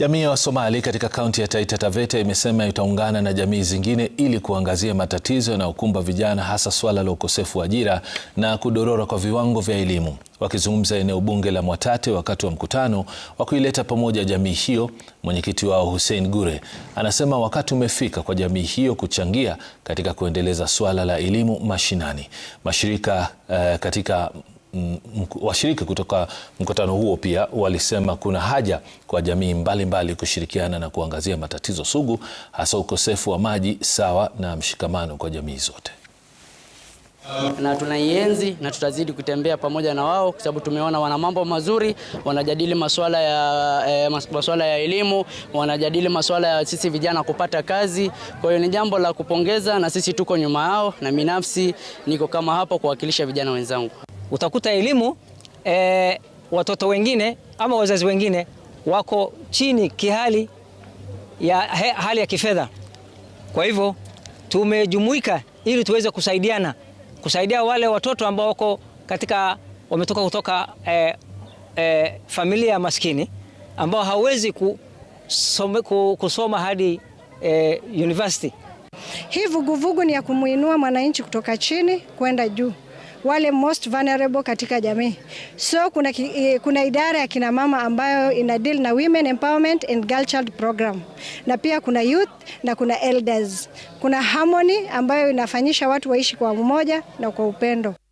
Jamii ya Wasomali katika kaunti ya Taita Taveta imesema itaungana na jamii zingine ili kuangazia matatizo yanayokumba vijana hasa swala la ukosefu wa ajira na kudorora kwa viwango vya elimu. Wakizungumza eneo bunge la Mwatate wakati wa mkutano wa kuileta pamoja jamii hiyo, mwenyekiti wao Hussein Gure anasema wakati umefika kwa jamii hiyo kuchangia katika kuendeleza swala la elimu mashinani. Mashirika uh, katika washiriki kutoka mkutano huo pia walisema kuna haja kwa jamii mbalimbali mbali kushirikiana na kuangazia matatizo sugu hasa ukosefu wa maji sawa na mshikamano kwa jamii zote. Na tunaienzi na tutazidi kutembea pamoja na wao kwa sababu tumeona wana mambo mazuri, wanajadili masuala ya e, eh, masuala ya elimu, wanajadili masuala ya sisi vijana kupata kazi. Kwa hiyo ni jambo la kupongeza, na sisi tuko nyuma yao, na binafsi niko kama hapo kuwakilisha vijana wenzangu utakuta elimu e, watoto wengine ama wazazi wengine wako chini kihali ya he, hali ya kifedha. Kwa hivyo tumejumuika ili tuweze kusaidiana, kusaidia wale watoto ambao wako katika wametoka kutoka e, e, familia maskini ambao hawezi kusome, kusoma hadi e, university. Hii vuguvugu ni ya kumwinua mwananchi kutoka chini kwenda juu wale most vulnerable katika jamii. So kuna, eh, kuna idara ya kina mama ambayo ina deal na women empowerment and girl child program, na pia kuna youth na kuna elders. Kuna Harmony ambayo inafanyisha watu waishi kwa umoja na kwa upendo.